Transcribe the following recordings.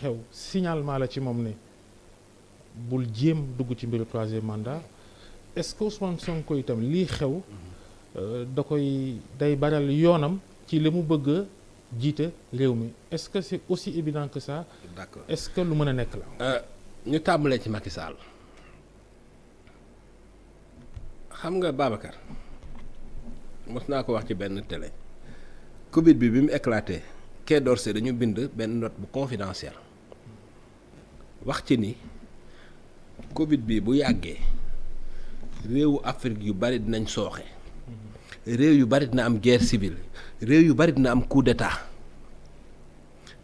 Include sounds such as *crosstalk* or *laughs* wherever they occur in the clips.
xew signalement la ci moom ne bul jéem dugg ci mbiru troisième mandat est-ce que itam lii xew euh, da koy day baral yoonam ci li mu bëgg jiite réew mi est-ce que aussi évident que ça. d'accord ce que lu mën a nekk la. Euh, ñu tàmbalee ci Macky Sall xam nga Babacar mos naa ko wax ci benn tele Covid bi bi mu éclaté Quai se dañu bind benn note bu confidentielle. wax ci ni Covid bii bu yàggee réewu Afrique yu bari dinañ sooxe réew yu bari dina am guerre civile réew yu bari dina am coup d'état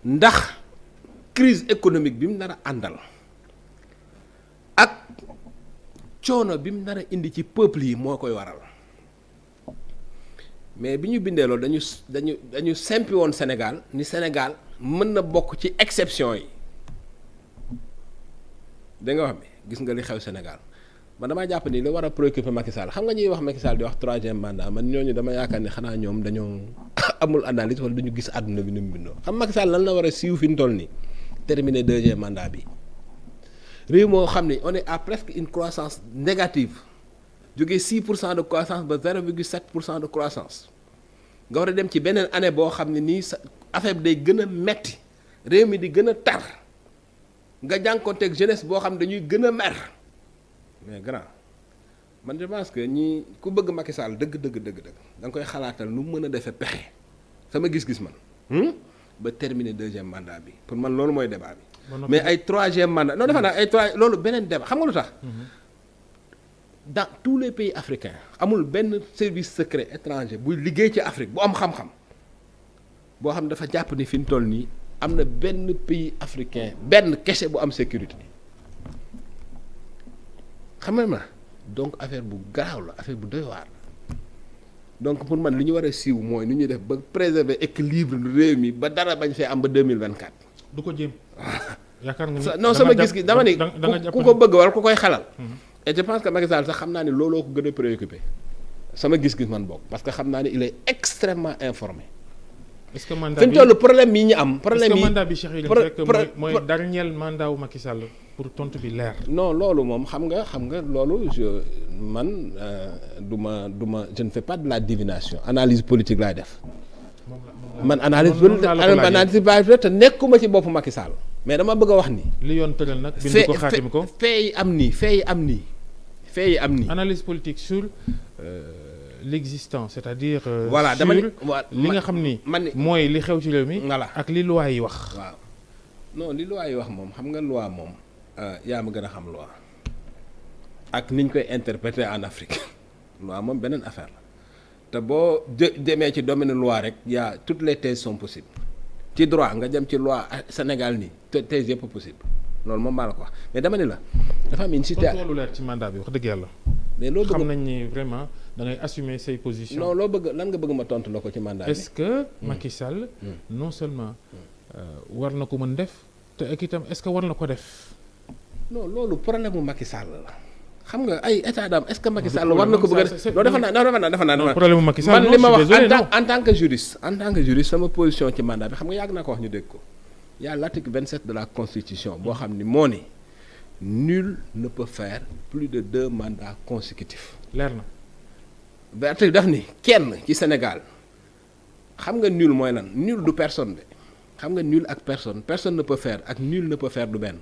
ndax crise economique bi mu nar a àndal ak coono bi mu nar a indi ci peuple yi moo koy waral mais bi ñu bindeeloo dañu dañu dañu simpi woon Sénégal ni Sénégal mën na bokk ci exception yi. da nga wax bi gis nga li xew Sénégal man damaa jàpp nii li war a préoccuper Macky xam nga ñuy wax Macky Sall di wax troisième mandat man ñooñu dama yaakaar ne xanaa ñoom dañoo *coughs* amul analyse wala duñu gis àdduna bi ni mu bindoo xam Macky Sall lan la war a siiw fi ñu toll nii terminer deuxième mandat bi réew moo xam ne on est à presque une croissance négative jóge 6 pour cent de croissance ba 0,7 pour cent de croissance nga war a dem ci beneen année boo xam ne nii sa affaire bi day gën a metti réew mi di gën a tar. nga jànkonteeg jeunesse boo xam dañuy gën a mer mais grand man je pense que ñi ku bëgg Macky Sall dëgg dëgg dëgg dëgg da nga koy xalaatal nu mu mën a defee pexe sama gis-gis man hmm? ba terminer deuxième mandat bi pour man loolu mooy débat bi. mais ay troisième mandat non defe naa ay trois loolu beneen débat xam nga lu tax. Mhm. dans tous les pays africains amul benn service secret étranger buy liggéey ci Afrique boo am xam-xam boo xam dafa jàpp ni fi mu toll nii. am na benn pays africain benn kese bu am sécurité xam nga ma donc affaire bu garaaw la affaire bu doy waar donc pour man li ñu war a siiw mooy nu ñuy def ba préserver équilibre réew mi ba dara bañ fee am ba deux mille vingt quatre. du ko jéem. yaakaar nga *laughs* non sama gis gi dama ni ku ko bëgg war ku koy xalal. Mhm. et je pense que Macky Sall sax xam naa ne looloo ko gën a préoccupé sama gis-gis man bokk parce que xam naa ne il est extrêmement informé. est-ce que mandat bi fi ñu toll problème yi ñu am. problème yi est-ce que mandat bi Cheikh mooy dernier mandat wu Macky pour tontu bi leer. non loolu moom xam nga xam nga loolu je man euh, du ma du ma je de la divination analyse politique laay def. man analyse man analyse politique te nekkuma ci boppu Macky Sall. mais dama bëgg a wax ni. li yoon tëral nag. am nii fee yi am nii. fee yi am nii. analyse politique sur. Euh, l'existant c'est-à-dire. Euh, voilà dama ni li nga xam ni. man mooy li xew ci réew mi. voilà ak li loi yi wax. waaw non li loi yi wax moom xam nga loi moom. Euh, yaa ma gën a xam loi. ak niñ koy interpréter en Afrique. *laughs* loi moom beneen affaire la. te boo demee ci domaine loi rek yaa toutes les thèses sont possibles. ci droit nga jëm ci loi Sénégal nii te thèses yëpp possible. loolu moom maa la ko wax mais dama ni la. dafa am une situation leer ci mandat bi wax dëgg yàlla. mais loolu bëgg xam nañ ni vraiment da ngay assumer say positions. non loo bëgg lan nga bëgg ma tontu la ko ci mandat est-ce que hmm. Macky Sall. Hmm. non seulement euh, war na ko mën def ko def. non loolu problème mu Macky a def non defe naa non defe naa defe naa. problème bi xam nga yàgg naa ko wax ñu dégg ko y a l'article 27 de la constitution boo xam ni moo ni. nul ne peut plus de deux mandats consécutifs. leer na. verte bi daf ni kenn ci senegal xam nga nul mooy lan nul du personne de xam nga nul ak personne personne ne peut ak nul ne peut du benn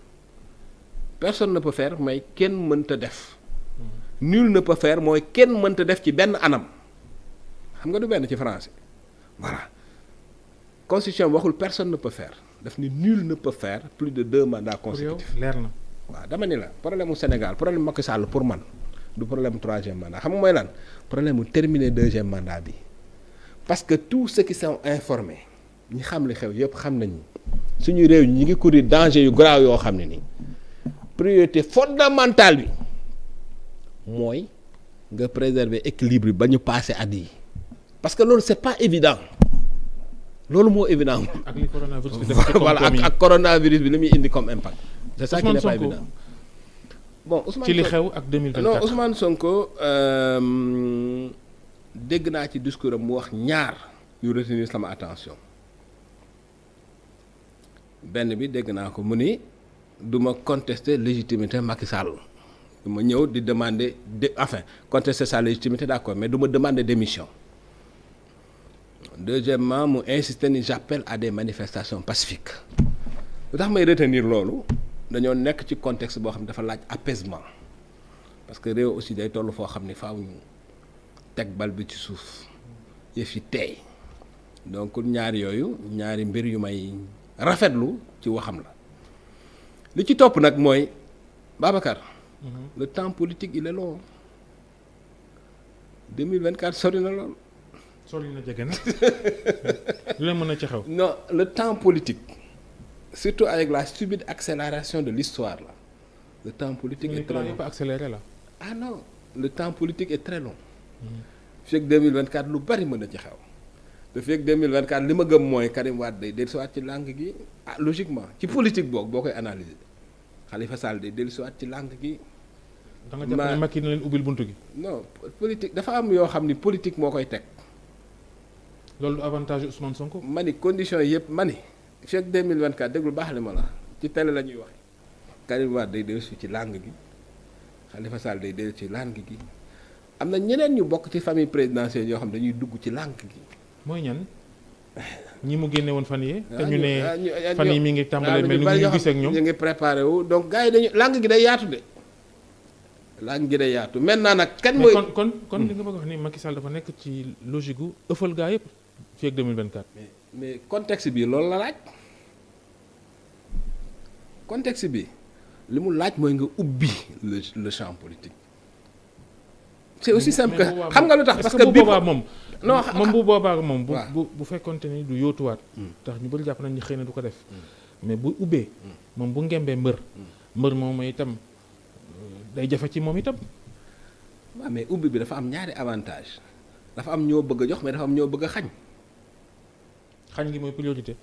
personne ne peut faire kenn mënta def. Mm-hmm. nul ne peut mooy kenn mënta def ci benn anam xam nga du benn ci français voilà constitution waxul personne ne peut daf ni nul ne peut plus de deux mandats consécutifs leer na. waaw dama ni la problème mu Sénégal problème Macky Sall pour man du problème troisième mandat xam nga mooy lan problème mu terminer deuxième mandat bi parce que tous ceux qui ñi xam li xew yëpp xam nañu suñu réew ñi ngi courir danger yu grave yoo xam ne ni priorité fondamentale bi mooy nga préserver équilibre ba ñu passé at yi parce que loolu c'est pas évident loolu moo évident. ak li coronavirus bi voilà ak coronavirus bi li muy indi comme impact. c'est ça bon Ousmane ci li xew ak 2024 non Ousmane Sonko euh, dégg naa ci discours am mu wax ñaar yu retenir sama attention benn bi dégg naa ko mu ni du ma contester légitimité Macky Sall du ma ñëw di demander de enfin contester sa légitimité d'accord mais du ma demander démission deuxièmement mu insister ni j'appelle à des manifestation pacifique lu tax may retenir loolu. dañoo nekk ci context boo xam ne dafa laaj apaisement parce que réew aussi day toll foo xam ni faw ñu teg bal bi ci suuf yëf yi teey donc ñaar yooyu ñaari mbir yu may rafetlu ci waxam la li ci topp nag mooy Babacar. Mhm. le temps politique il est long. 2024 sori na lool. sori na jege na. la *laughs* mën na ci xew. non le temps politique. surtout avec la subite accélération de l'histoire là le temps politique est très long pas accéléré là ah non le temps politique est très long hmm. fekk lu bari mën na ci xew te fekk 2024 li ma gëm mooy Karim Wade day dellusiwaat ci langue gi ah logiquement ci politique boog boo koy analyser Khalifa Sall day dellusiwaat ci langue gi da nga jàpp ne Macky na leen ubbil buntu gi non politique dafa am yoo xam ni politique moo koy teg loolu avantage Ousmane Sonko ma ni condition yëpp ma ni chaque 2024 déglu baax li ma la ci télé la ñuy waxee Karim Wade day dellusi ci langue gi Khalifa Sall day dellusi ci langue gi am na ñeneen ñu bokk ci famille présidentielle yoo xam dañuy dugg ci langue gi. mooy ñan ñi mu génne woon fan yi ah, te ñu ne ah, ah, fan yi mi ngi tàmbalee mel ni ñu gis ak ñoom ñu ngi préparé wu donc gars yi dañu langue gi day yaatu de. langue gi day yaatu maintenant nag. kan mooy kon kon kon hmm. li nga bëgg wax ni Macky Sall dafa nekk ci logique gu ëffal gaa yëpp fii mais contexte bi loolu la laaj contexte bi li mu laaj mooy nga ubbi le le champ politique. c'est aussi simple que xam nga lu tax parce que bu boobaa moom. non moom bu boobaa moom. bu bu bu fekkonte ni du yootuwaat hmm. tax ñu bëri jàpp nañ ni xëy na du ko def. Hmm. mais bu ubbee. Hmm. moom bu ngembee mbër. mbër moom itam day jafe ci moom itam. waaw mais ubbi bi dafa am ñaari avantage dafa am ñoo bëgg a jox mais dafa am ñoo bëgg a xañ. xañ gi mooy priorité.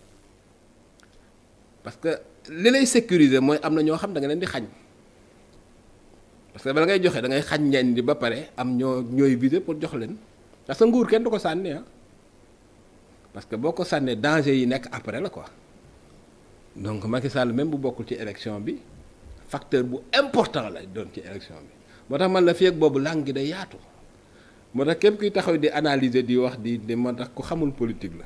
parce que li lay sécuriser mooy am na ñoo xam da nga leen di xañ parce que bala ngay joxe da ngay xañ ñenn bi ba pare am ñoo ñooy viser pour jox leen ndax sa nguur kenn du ko sànni ah parce que boo ko sànnee danger yi nekk après la ko donc Macky Sall même bu bokkul ci élection bi facteur bu important la doon ci élection bi moo tax man la fii boobu langue gi day yaatu moo tax képp kuy taxaw di analyser di wax di di moo tax ku xamul politique la.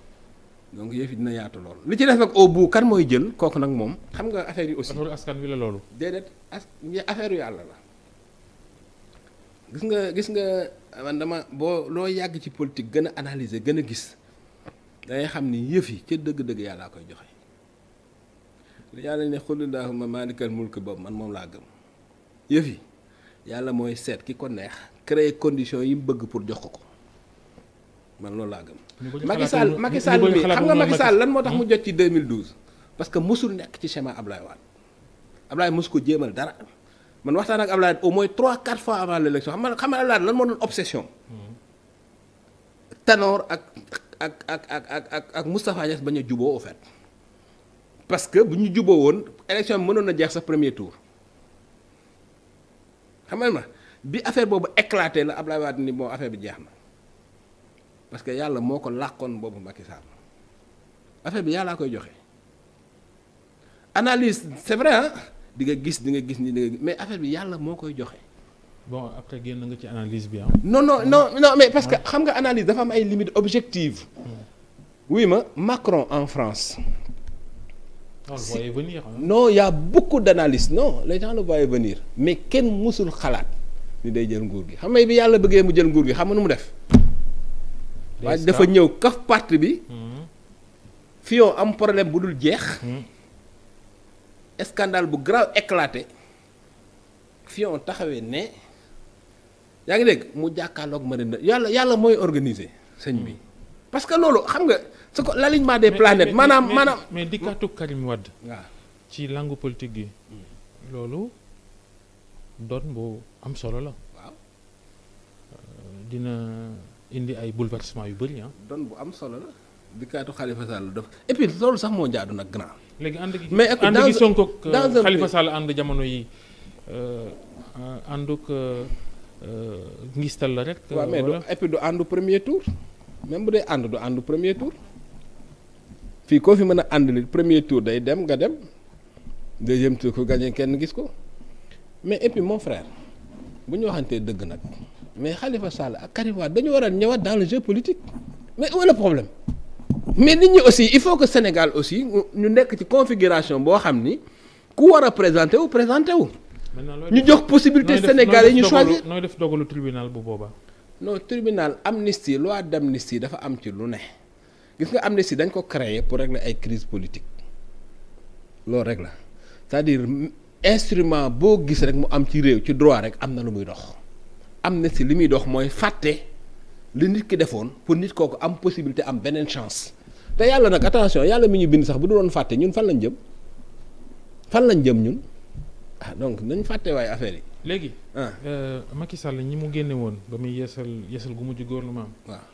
donc yëf yi dina yaatu lool li ci def nag au kan mooy jël kooku nag moom xam nga affaire yi aussi affaire askan wi la loolu déedéet as affaire yu yàlla la gis nga gis nga man dama boo loo yàgg ci politique gën a analyser gën a gis dangay xam ni yëf yi ca dëgg-dëgg yàllaa koy joxe li daa ma maa maalikal mulk boobu man moom laa gëm yëf yàlla mooy seet ki ko neex créer condition yi bëgg pour jox ko ko man loolu laa gëm. Macky Sall Macky Sall bi xam nga Macky Sall lan moo tax mu hmm? jot ci 2012. parce que mosul nekk ci schéma Ablaye Wade Ablaye mosu ko jéemal dara man waxtaan ak Ablaye au moins trois 4 fois avant la élection xam nga xam nga Ablaye lan moo doon obsession. Hmm. ak ak ak bañ a juboo au que bu juboo woon mënoon na jeex sa premier tour xam ma bi affaire boobu éclaté la Ablaye Wade ni bon affaire bi jeex na. parce que yàlla moo ko làqoon boobu Macky Sall affaire bi yàllaa koy joxe analyse c'est vrai ah di nga gis di nga gis ni di nga mais affaire bi yàlla moo koy joxe. bon après génn nga ci analyse bi non non mais parce que xam nga analyse dafa am ay limites objectives. Hmm. oui ma Macron en France. on le voyait venir non y a beaucoup d'analyses non les gens le voyaient venir mais kenn mësul xalaat ni day jël nguur gi xam nga bi yàlla bëggee mu jël nguur gi xam nga nu mu def. waaye dafa ñëw kaf parti bi. Hmm. fio am problème bu dul jeex. Hmm. scandale bu grave éclaté. Fillon taxawee ne yaa ngi dégg mu jàkkaarloog ma ne yàlla yàlla mooy organiser sëñ bi hmm. parce que loolu xam nga su ko l'alignement des planètes. maanaam maanaam mais dikkaatu Karim Wade. waaw ci langue politique gi. loolu doon bu am solo la. waaw euh, dina. indi ay bouleversement yu bëri ah. bu am solo la. dikkaatu xalifa Sall def et puis sax moo jaadu nag grand. léegi ànd gi mais ànd Sonko ak euh, Sall ànd jamono yi euh, ànduk euh, ngistal la rek. waaw mais du et àndu premier tour. même bu dee ànd du àndu premier tour. fii koo fi mën a ànd li premier tour day dem nga dem deuxième tour ko gagné kenn gis ko mais et puis mon frère bu ñu waxantee dëgg nag. mais xalifa Sall ak Karim Wade dañu war a ñëwaat dans le jeu politique mais où est le problème mais nit ñi aussi il faut que Sénégal aussi ñu nekk ci configuration boo xam ni ku war a présenté wu présenté wu. ñu jox possibilité Sénégal yi ñu choisir nooy def dogalu tribunal bu boobaa. non tribunal amnistie loi d'amnistie dafa am ci lu ne gis nga amnistie dañ ko créer pour régler ay crise politique loolu rek la c'est-à-dire instrument boo gis rek mu am ci réew ci droit rek am na lu muy dox. am si li muy dox mooy fàtte li nit ki defoon pour nit kooku am possibilité am beneen chance te yàlla nag attention yàlla mi ñu bind sax bu du doon fàtte ñun fan lañ jëm fan lañ jëm ñun ah donc nañ fàtte waaye affaire yi. léegi. ah euh, Macky Sall ñi mu génne woon ba muy yeesal yeesal gu mujj gouvernement waa